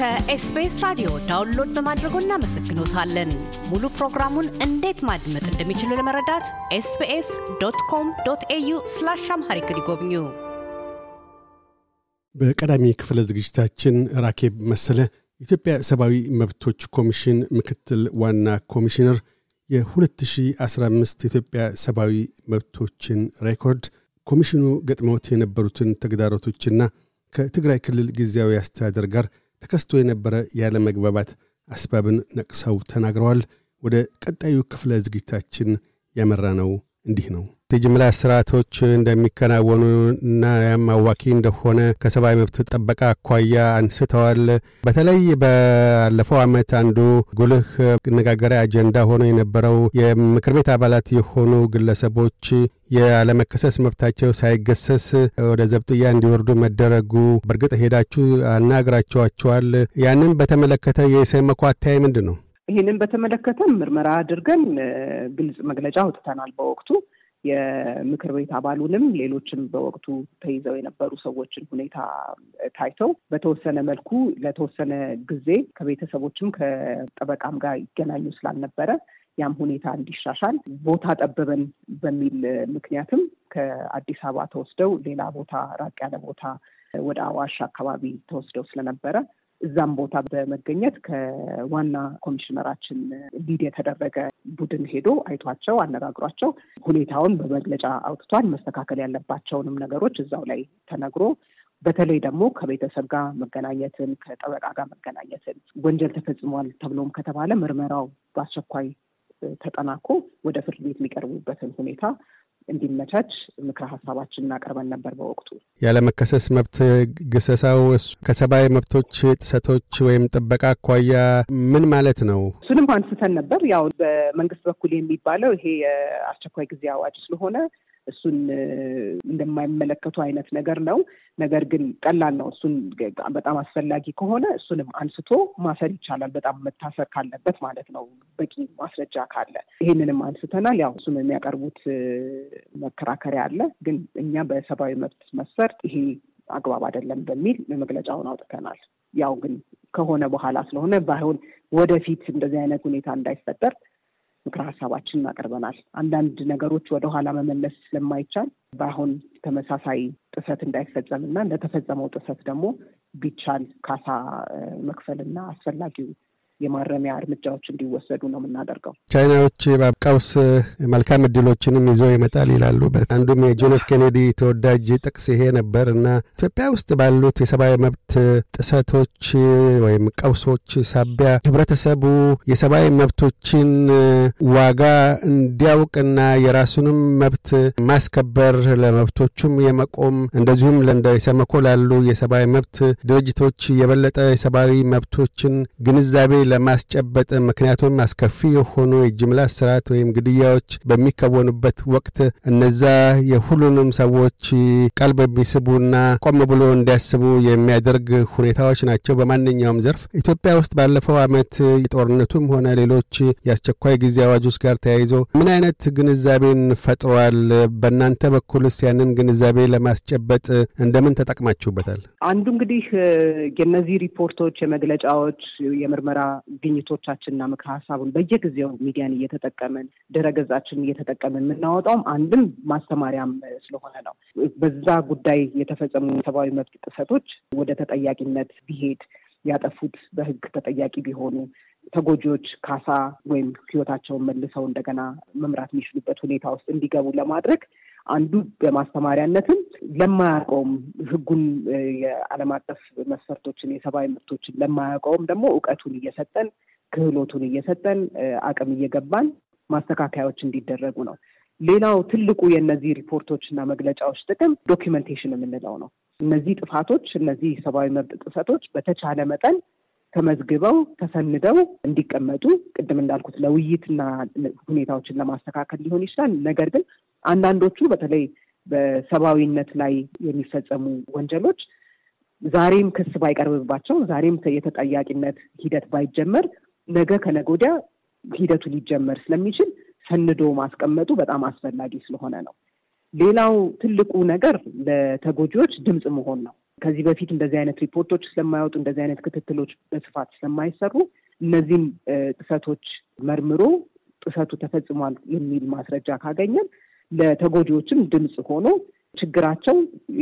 ከኤስቢኤስ ራዲዮ ዳውንሎድ በማድረጎ እናመሰግኖታለን። ሙሉ ፕሮግራሙን እንዴት ማድመጥ እንደሚችሉ ለመረዳት ኤስቢኤስ ዶት ኮም ዶት ኤዩ ስላሽ አምሃሪክ ይጎብኙ። በቀዳሚ ክፍለ ዝግጅታችን ራኬብ መሰለ የኢትዮጵያ ሰብአዊ መብቶች ኮሚሽን ምክትል ዋና ኮሚሽነር የ2015 ኢትዮጵያ ሰብአዊ መብቶችን ሬኮርድ ኮሚሽኑ ገጥመውት የነበሩትን ተግዳሮቶችና ከትግራይ ክልል ጊዜያዊ አስተዳደር ጋር ተከስቶ የነበረ ያለመግባባት አስባብን ነቅሰው ተናግረዋል። ወደ ቀጣዩ ክፍለ ዝግጅታችን ያመራ ነው እንዲህ ነው። የጅምላ ስርዓቶች እንደሚከናወኑ እና ያም አዋኪ እንደሆነ ከሰብአዊ መብት ጥበቃ አኳያ አንስተዋል። በተለይ ባለፈው ዓመት አንዱ ጉልህ መነጋገሪያ አጀንዳ ሆኖ የነበረው የምክር ቤት አባላት የሆኑ ግለሰቦች የአለመከሰስ መብታቸው ሳይገሰስ ወደ ዘብጥያ እንዲወርዱ መደረጉ በእርግጥ ሄዳችሁ አናግራችኋቸዋል። ያንን በተመለከተ የኢሰመኮ አተያይ ምንድን ነው? ይህንን በተመለከተ ምርመራ አድርገን ግልጽ መግለጫ አውጥተናል በወቅቱ የምክር ቤት አባሉንም ሌሎችም በወቅቱ ተይዘው የነበሩ ሰዎችን ሁኔታ ታይተው በተወሰነ መልኩ ለተወሰነ ጊዜ ከቤተሰቦችም ከጠበቃም ጋር ይገናኙ ስላልነበረ ያም ሁኔታ እንዲሻሻል ቦታ ጠበበን በሚል ምክንያትም ከአዲስ አበባ ተወስደው ሌላ ቦታ ራቅ ያለ ቦታ ወደ አዋሽ አካባቢ ተወስደው ስለነበረ እዛም ቦታ በመገኘት ከዋና ኮሚሽነራችን ሊድ የተደረገ ቡድን ሄዶ አይቷቸው አነጋግሯቸው ሁኔታውን በመግለጫ አውጥቷል። መስተካከል ያለባቸውንም ነገሮች እዛው ላይ ተነግሮ በተለይ ደግሞ ከቤተሰብ ጋር መገናኘትን፣ ከጠበቃ ጋር መገናኘትን ወንጀል ተፈጽሟል ተብሎም ከተባለ ምርመራው በአስቸኳይ ተጠናኮ ወደ ፍርድ ቤት የሚቀርቡበትን ሁኔታ እንዲመቻች ምክረ ሀሳባችን እናቀርበን ነበር። በወቅቱ ያለመከሰስ መብት ግሰሳው ከሰብአዊ መብቶች ጥሰቶች ወይም ጥበቃ አኳያ ምን ማለት ነው? እሱንም አንስተን ነበር። ያው በመንግስት በኩል የሚባለው ይሄ የአስቸኳይ ጊዜ አዋጅ ስለሆነ እሱን እንደማይመለከቱ አይነት ነገር ነው። ነገር ግን ቀላል ነው። እሱን በጣም አስፈላጊ ከሆነ እሱንም አንስቶ ማሰር ይቻላል። በጣም መታሰር ካለበት ማለት ነው፣ በቂ ማስረጃ ካለ ይህንንም አንስተናል። ያው እሱም የሚያቀርቡት መከራከሪያ አለ። ግን እኛ በሰብአዊ መብት መስፈርት ይሄ አግባብ አይደለም በሚል መግለጫውን አውጥተናል። ያው ግን ከሆነ በኋላ ስለሆነ ባይሆን ወደፊት እንደዚህ አይነት ሁኔታ እንዳይፈጠር ምክረ ሀሳባችን እናቀርበናል። አንዳንድ ነገሮች ወደኋላ መመለስ ስለማይቻል በአሁን ተመሳሳይ ጥሰት እንዳይፈጸምና እና እንደተፈጸመው ጥሰት ደግሞ ቢቻል ካሳ መክፈልና አስፈላጊው የማረሚያ እርምጃዎች እንዲወሰዱ ነው የምናደርገው። ቻይናዎች ቀውስ መልካም እድሎችንም ይዘው ይመጣል ይላሉ። አንዱም የጆን ኬኔዲ ተወዳጅ ጥቅስ ይሄ ነበር እና ኢትዮጵያ ውስጥ ባሉት የሰብአዊ መብት ጥሰቶች ወይም ቀውሶች ሳቢያ ህብረተሰቡ የሰብአዊ መብቶችን ዋጋ እንዲያውቅና የራሱንም መብት ማስከበር ለመብቶቹም የመቆም እንደዚሁም ለእንደ ኢሰመኮ ላሉ የሰብአዊ መብት ድርጅቶች የበለጠ የሰብአዊ መብቶችን ግንዛቤ ለማስጨበጥ ምክንያቱም አስከፊ የሆኑ የጅምላ ስርዓት ወይም ግድያዎች በሚከወኑበት ወቅት እነዛ የሁሉንም ሰዎች ቀልብ የሚስቡና ቆም ብሎ እንዲያስቡ የሚያደርግ ሁኔታዎች ናቸው። በማንኛውም ዘርፍ ኢትዮጵያ ውስጥ ባለፈው ዓመት የጦርነቱም ሆነ ሌሎች የአስቸኳይ ጊዜ አዋጆች ጋር ተያይዞ ምን አይነት ግንዛቤን ፈጥሯል? በእናንተ በኩልስ ያንን ግንዛቤ ለማስጨበጥ እንደምን ተጠቅማችሁበታል? አንዱ እንግዲህ የነዚህ ሪፖርቶች፣ የመግለጫዎች፣ የምርመራ ግኝቶቻችንና ምክረ ሀሳቡን በየጊዜው ሚዲያን እየተጠቀምን ድረገጻችን እየተጠቀምን የምናወጣውም አንድም ማስተማሪያም ስለሆነ ነው። በዛ ጉዳይ የተፈጸሙ የሰብአዊ መብት ጥሰቶች ወደ ተጠያቂነት ቢሄድ ያጠፉት በህግ ተጠያቂ ቢሆኑ ተጎጂዎች ካሳ ወይም ህይወታቸውን መልሰው እንደገና መምራት የሚችሉበት ሁኔታ ውስጥ እንዲገቡ ለማድረግ አንዱ በማስተማሪያነትም ለማያውቀውም ህጉን የዓለም አቀፍ መስፈርቶችን የሰብአዊ መብቶችን ለማያውቀውም ደግሞ እውቀቱን እየሰጠን ክህሎቱን እየሰጠን አቅም እየገባን ማስተካከያዎች እንዲደረጉ ነው። ሌላው ትልቁ የእነዚህ ሪፖርቶች እና መግለጫዎች ጥቅም ዶኪመንቴሽን የምንለው ነው። እነዚህ ጥፋቶች፣ እነዚህ ሰብአዊ መብት ጥሰቶች በተቻለ መጠን ተመዝግበው ተሰንደው እንዲቀመጡ ቅድም እንዳልኩት ለውይይትና ሁኔታዎችን ለማስተካከል ሊሆን ይችላል። ነገር ግን አንዳንዶቹ በተለይ በሰብአዊነት ላይ የሚፈጸሙ ወንጀሎች ዛሬም ክስ ባይቀርብባቸው፣ ዛሬም የተጠያቂነት ሂደት ባይጀመር ነገ ከነገ ወዲያ ሂደቱ ሊጀመር ስለሚችል ሰንዶ ማስቀመጡ በጣም አስፈላጊ ስለሆነ ነው። ሌላው ትልቁ ነገር ለተጎጂዎች ድምፅ መሆን ነው። ከዚህ በፊት እንደዚህ አይነት ሪፖርቶች ስለማይወጡ እንደዚህ አይነት ክትትሎች በስፋት ስለማይሰሩ እነዚህም ጥሰቶች መርምሮ ጥሰቱ ተፈጽሟል የሚል ማስረጃ ካገኘን ለተጎጂዎችም ድምፅ ሆኖ ችግራቸው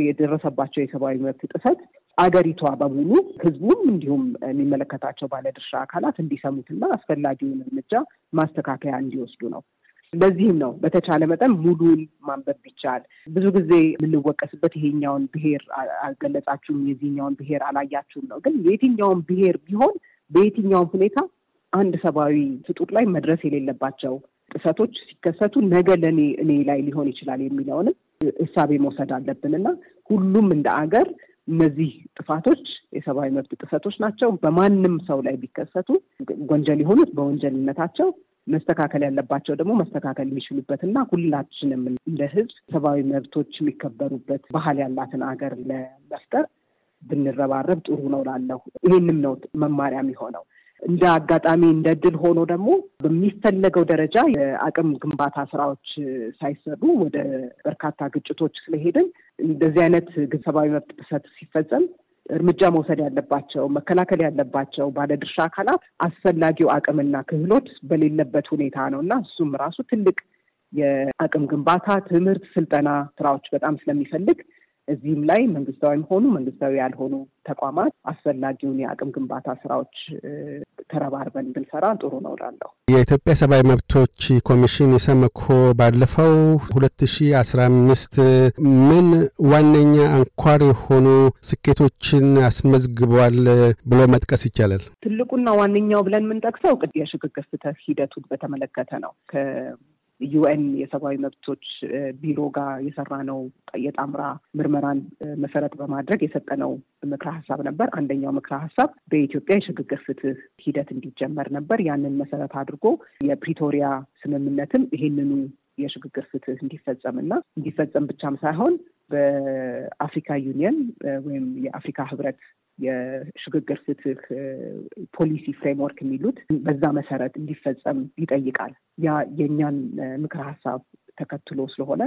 የደረሰባቸው የሰብአዊ መብት ጥሰት አገሪቷ በሙሉ ህዝቡም እንዲሁም የሚመለከታቸው ባለድርሻ አካላት እንዲሰሙትና አስፈላጊውን እርምጃ ማስተካከያ እንዲወስዱ ነው። ለዚህም ነው በተቻለ መጠን ሙሉን ማንበብ ቢቻል። ብዙ ጊዜ የምንወቀስበት ይሄኛውን ብሄር አልገለጻችሁም፣ የዚህኛውን ብሄር አላያችሁም ነው። ግን የትኛውን ብሔር ቢሆን በየትኛውም ሁኔታ አንድ ሰብአዊ ፍጡር ላይ መድረስ የሌለባቸው ጥሰቶች ሲከሰቱ ነገ ለእኔ እኔ ላይ ሊሆን ይችላል የሚለውንም እሳቤ መውሰድ አለብን እና ሁሉም እንደ አገር እነዚህ ጥፋቶች የሰብአዊ መብት ጥሰቶች ናቸው። በማንም ሰው ላይ ቢከሰቱ ወንጀል የሆኑት በወንጀልነታቸው መስተካከል ያለባቸው ደግሞ መስተካከል የሚችሉበት እና ሁላችንም እንደ ሕዝብ ሰብአዊ መብቶች የሚከበሩበት ባህል ያላትን አገር ለመፍጠር ብንረባረብ ጥሩ ነው ላለሁ ይሄንም ነው መማሪያ የሚሆነው። እንደ አጋጣሚ እንደ ድል ሆኖ ደግሞ በሚፈለገው ደረጃ የአቅም ግንባታ ስራዎች ሳይሰሩ ወደ በርካታ ግጭቶች ስለሄድን እንደዚህ አይነት ግንሰባዊ መብት ጥሰት ሲፈጸም እርምጃ መውሰድ ያለባቸው መከላከል ያለባቸው ባለድርሻ አካላት አስፈላጊው አቅምና ክህሎት በሌለበት ሁኔታ ነው እና እሱም ራሱ ትልቅ የአቅም ግንባታ ትምህርት፣ ስልጠና ስራዎች በጣም ስለሚፈልግ እዚህም ላይ መንግስታዊም ሆኑ መንግስታዊ ያልሆኑ ተቋማት አስፈላጊውን የአቅም ግንባታ ስራዎች ተረባርበን ብንሰራ ጥሩ ነው እላለሁ። የኢትዮጵያ ሰብአዊ መብቶች ኮሚሽን ኢሰመኮ ባለፈው ሁለት ሺ አስራ አምስት ምን ዋነኛ አንኳር የሆኑ ስኬቶችን አስመዝግቧል ብሎ መጥቀስ ይቻላል? ትልቁና ዋነኛው ብለን የምንጠቅሰው የሽግግር ፍትህ ሂደቱን በተመለከተ ነው። ዩኤን የሰብአዊ መብቶች ቢሮ ጋር የሰራ ነው የጣምራ ምርመራን መሰረት በማድረግ የሰጠነው ምክረ ሀሳብ ነበር። አንደኛው ምክረ ሀሳብ በኢትዮጵያ የሽግግር ፍትህ ሂደት እንዲጀመር ነበር። ያንን መሰረት አድርጎ የፕሪቶሪያ ስምምነትም ይሄንኑ የሽግግር ፍትህ እንዲፈጸም እና እንዲፈጸም ብቻም ሳይሆን በአፍሪካ ዩኒየን ወይም የአፍሪካ ህብረት የሽግግር ፍትህ ፖሊሲ ፍሬምወርክ የሚሉት በዛ መሰረት እንዲፈጸም ይጠይቃል። ያ የእኛን ምክር ሀሳብ ተከትሎ ስለሆነ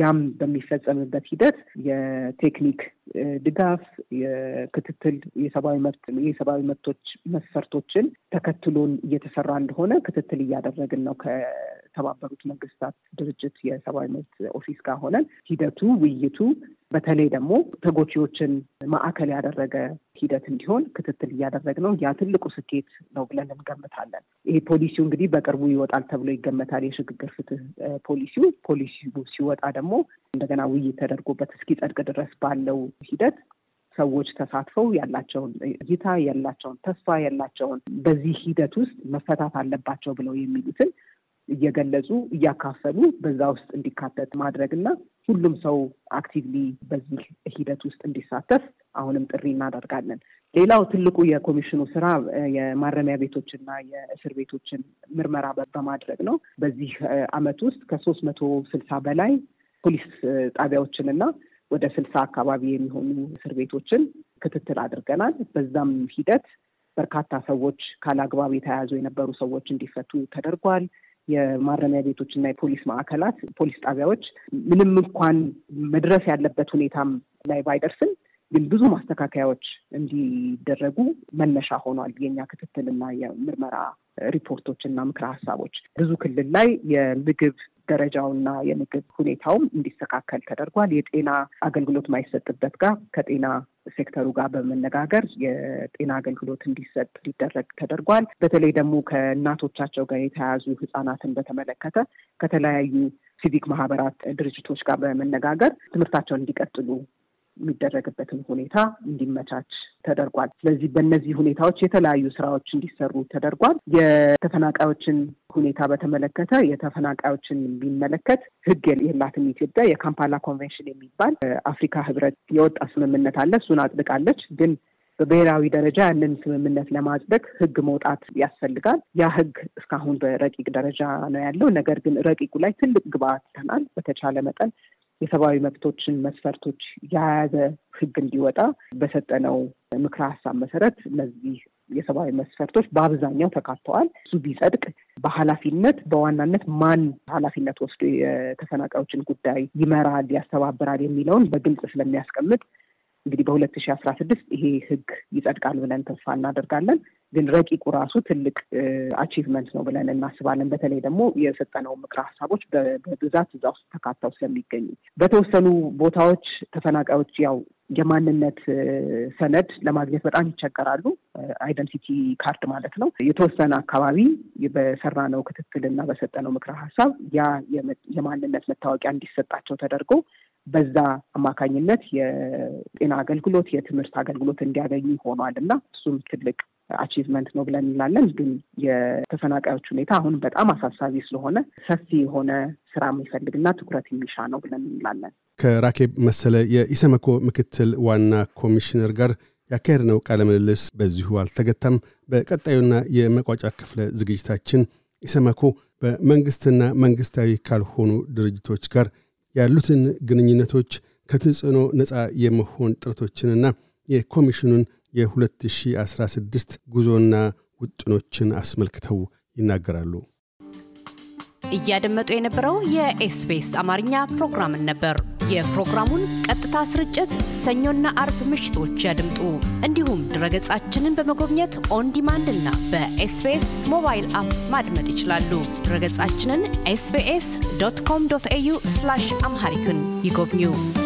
ያም በሚፈጸምበት ሂደት የቴክኒክ ድጋፍ፣ የክትትል፣ የሰብአዊ መብት የሰብአዊ መብቶች መስፈርቶችን ተከትሎን እየተሰራ እንደሆነ ክትትል እያደረግን ነው የተባበሩት መንግስታት ድርጅት የሰብአዊ መብት ኦፊስ ጋር ሆነን ሂደቱ ውይይቱ በተለይ ደግሞ ተጎጂዎችን ማዕከል ያደረገ ሂደት እንዲሆን ክትትል እያደረግ ነው። ያ ትልቁ ስኬት ነው ብለን እንገምታለን። ይሄ ፖሊሲው እንግዲህ በቅርቡ ይወጣል ተብሎ ይገመታል። የሽግግር ፍትህ ፖሊሲው ፖሊሲው ሲወጣ ደግሞ እንደገና ውይይት ተደርጎበት እስኪጸድቅ ድረስ ባለው ሂደት ሰዎች ተሳትፈው ያላቸውን እይታ ያላቸውን ተስፋ ያላቸውን በዚህ ሂደት ውስጥ መፈታት አለባቸው ብለው የሚሉትን እየገለጹ እያካፈሉ በዛ ውስጥ እንዲካተት ማድረግ እና ሁሉም ሰው አክቲቭሊ በዚህ ሂደት ውስጥ እንዲሳተፍ አሁንም ጥሪ እናደርጋለን። ሌላው ትልቁ የኮሚሽኑ ስራ የማረሚያ ቤቶችና የእስር ቤቶችን ምርመራ በማድረግ ነው። በዚህ አመት ውስጥ ከሶስት መቶ ስልሳ በላይ ፖሊስ ጣቢያዎችንና ወደ ስልሳ አካባቢ የሚሆኑ እስር ቤቶችን ክትትል አድርገናል። በዛም ሂደት በርካታ ሰዎች አግባብ የተያያዙ የነበሩ ሰዎች እንዲፈቱ ተደርጓል። የማረሚያ ቤቶችና የፖሊስ ማዕከላት ፖሊስ ጣቢያዎች ምንም እንኳን መድረስ ያለበት ሁኔታም ላይ ባይደርስም ግን ብዙ ማስተካከያዎች እንዲደረጉ መነሻ ሆኗል። የኛ ክትትልና የምርመራ ሪፖርቶች እና ምክረ ሀሳቦች ብዙ ክልል ላይ የምግብ ደረጃውና የምግብ ሁኔታውም እንዲስተካከል ተደርጓል። የጤና አገልግሎት ማይሰጥበት ጋር ከጤና ሴክተሩ ጋር በመነጋገር የጤና አገልግሎት እንዲሰጥ ሊደረግ ተደርጓል። በተለይ ደግሞ ከእናቶቻቸው ጋር የተያያዙ ህጻናትን በተመለከተ ከተለያዩ ሲቪክ ማህበራት ድርጅቶች ጋር በመነጋገር ትምህርታቸውን እንዲቀጥሉ የሚደረግበትን ሁኔታ እንዲመቻች ተደርጓል። ስለዚህ በእነዚህ ሁኔታዎች የተለያዩ ስራዎች እንዲሰሩ ተደርጓል። የተፈናቃዮችን ሁኔታ በተመለከተ የተፈናቃዮችን የሚመለከት ሕግ የላትም ኢትዮጵያ። የካምፓላ ኮንቬንሽን የሚባል አፍሪካ ህብረት የወጣ ስምምነት አለ። እሱን አጽድቃለች ግን በብሔራዊ ደረጃ ያንን ስምምነት ለማጽደቅ ህግ መውጣት ያስፈልጋል። ያ ህግ እስካሁን በረቂቅ ደረጃ ነው ያለው። ነገር ግን ረቂቁ ላይ ትልቅ ግብአት ይተናል። በተቻለ መጠን የሰብአዊ መብቶችን መስፈርቶች የያዘ ህግ እንዲወጣ በሰጠነው ምክረ ሀሳብ መሰረት እነዚህ የሰብአዊ መስፈርቶች በአብዛኛው ተካተዋል። እሱ ቢጸድቅ በኃላፊነት በዋናነት ማን ኃላፊነት ወስዶ የተፈናቃዮችን ጉዳይ ይመራል፣ ያስተባብራል የሚለውን በግልጽ ስለሚያስቀምጥ እንግዲህ በሁለት ሺህ አስራ ስድስት ይሄ ህግ ይጸድቃል ብለን ተስፋ እናደርጋለን። ግን ረቂቁ ራሱ ትልቅ አቺቭመንት ነው ብለን እናስባለን። በተለይ ደግሞ የሰጠነው ምክረ ሀሳቦች በብዛት እዛ ውስጥ ተካተው ስለሚገኙ በተወሰኑ ቦታዎች ተፈናቃዮች ያው የማንነት ሰነድ ለማግኘት በጣም ይቸገራሉ። አይደንቲቲ ካርድ ማለት ነው። የተወሰነ አካባቢ በሰራነው ክትትል እና በሰጠነው ምክረ ሀሳብ ያ የማንነት መታወቂያ እንዲሰጣቸው ተደርጎ በዛ አማካኝነት የጤና አገልግሎት፣ የትምህርት አገልግሎት እንዲያገኙ ሆኗል እና እሱም ትልቅ አቺቭመንት ነው ብለን እንላለን። ግን የተፈናቃዮች ሁኔታ አሁንም በጣም አሳሳቢ ስለሆነ ሰፊ የሆነ ስራ የሚፈልግና ትኩረት የሚሻ ነው ብለን እንላለን። ከራኬብ መሰለ የኢሰመኮ ምክትል ዋና ኮሚሽነር ጋር ያካሄድነው ቃለ ምልልስ በዚሁ አልተገታም። በቀጣዩና የመቋጫ ክፍለ ዝግጅታችን ኢሰመኮ በመንግስትና መንግስታዊ ካልሆኑ ድርጅቶች ጋር ያሉትን ግንኙነቶች ከተጽዕኖ ነፃ የመሆን ጥረቶችንና የኮሚሽኑን የ2016 ጉዞና ውጥኖችን አስመልክተው ይናገራሉ። እያደመጡ የነበረው የኤስቢኤስ አማርኛ ፕሮግራምን ነበር። የፕሮግራሙን ቀጥታ ስርጭት ሰኞና አርብ ምሽቶች ያድምጡ። እንዲሁም ድረገጻችንን በመጎብኘት ኦን እና በኤስቢኤስ ሞባይል አፕ ማድመጥ ይችላሉ። ድረገጻችንን ኤስቢኤስ ዶት ኮም ዶት ኤዩ አምሃሪክን ይጎብኙ።